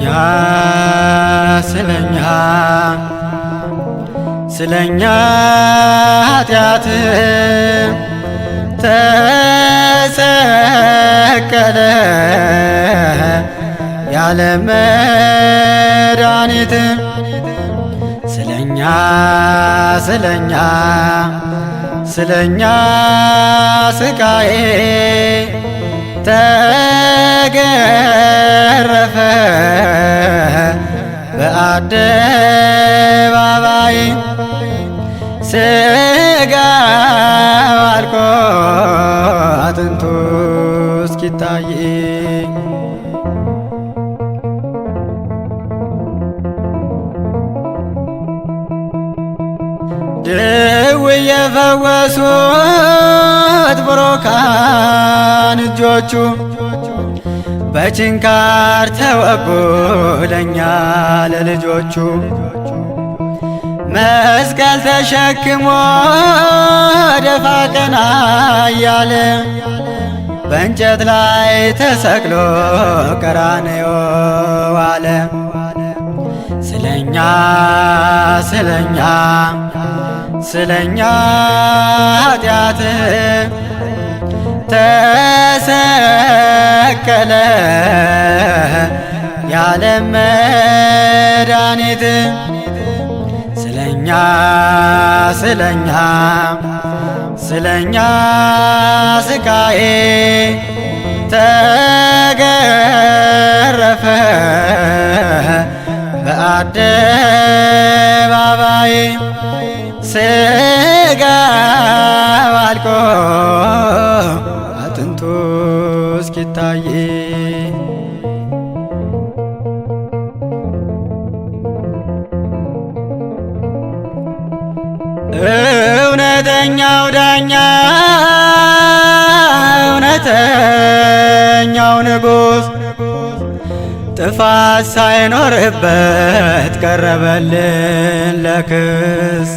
ስለኛ ስለኛ ስለኛ ኃጢአት ተሰቀለ ያለ መድኃኒት ስለኛ ስለኛ ስለኛ ስቃዬ ተገ አደባባይ ስጋው አልቆ አጥንቱ እስኪታይ ድው የፈወሱት ብሩካን እጆቹ በችንካር ተወጎ ለእኛ ለልጆቹ መስቀል ተሸክሞ ደፋ ቀና እያለ በእንጨት ላይ ተሰቅሎ ቀራንዮ ዋለ። ስለኛ ስለኛ ስለኛ ኃጢአትህ ተሰቀለ የዓለም መድኃኒት ስለኛ ስለኛ ስለኛ ስቃዬ ተገረፈ በአደባባይ ስጋ ባልቆ ሲታይ እውነተኛው ዳኛ እውነተኛው ንጉሥ ጥፋት ሳይኖርበት ቀረበልን ለክስ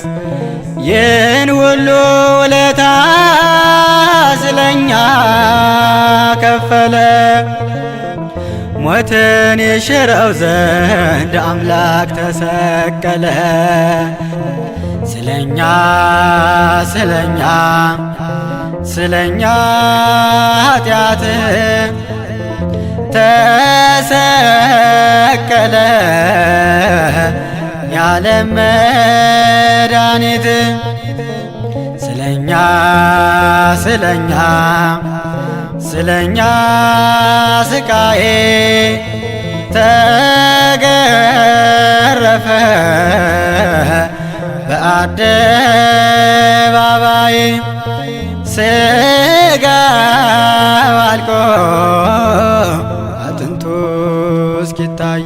ይህን ሁሉ ውለታ ስለኛ ከፈለ ሞትን የሽረው ዘንድ አምላክ ተሰቀለ። ስለኛ ስለኛ ስለኛ ኃጢአት ተሰቀለ ያለ መድኃኒት ስለኛ ስለኛ ስለኛ ስቃዬ ተገረፈ በአደባባይ ስጋ አልቆ አጥንቱ እስኪታይ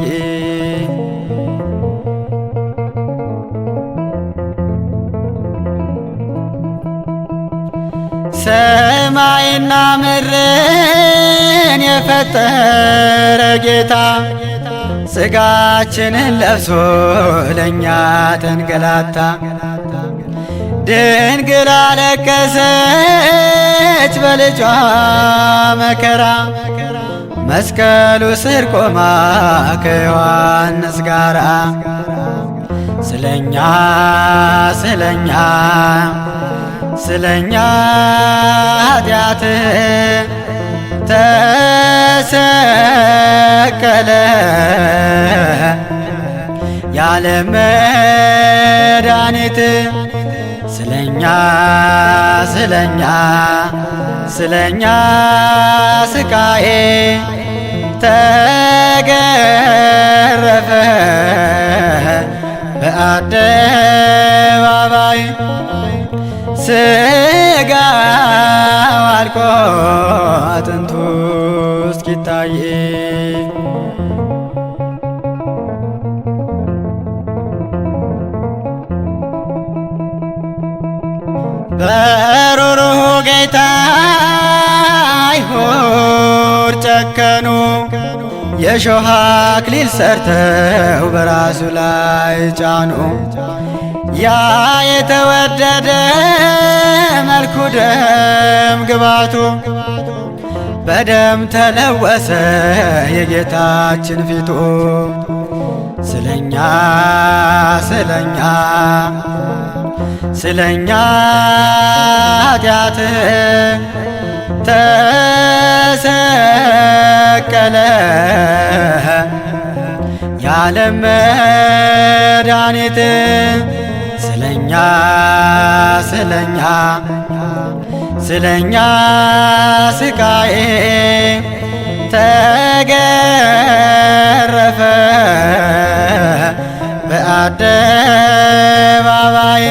ሰማይና ምድርን የፈጠረ ጌታ ስጋችንን ለብሶ ለእኛ ተንገላታ። ድንግል አለቀሰች በልጇ መከራ መስቀሉ ስር ቆማ ከዮሐንስ ጋራ ስለኛ ስለኛ ስለኛ ኃጢአት ተሰቀለ ያለ መድኃኒት ስለኛ ስለኛ ስለኛ ስቃዬ ተገረፈ በአደ ስጋው አልቆ አጥንቱ እስኪታይ በሩሩ ጌታ አይሁድ ጨከኑ። የሾህ አክሊል ሰርተው በራሱ ላይ ጫኑ። ያ የተወደደ መልኩ ደም ግባቱ በደም ተለወሰ የጌታችን ፊቱ ስለኛ ስለኛ ስለኛ ኃጢአት ተሰቀለ ያለም መድኃኒት ስለኛ ስለኛ ስለኛ ስቃዬ ተገረፈ በአደባባይ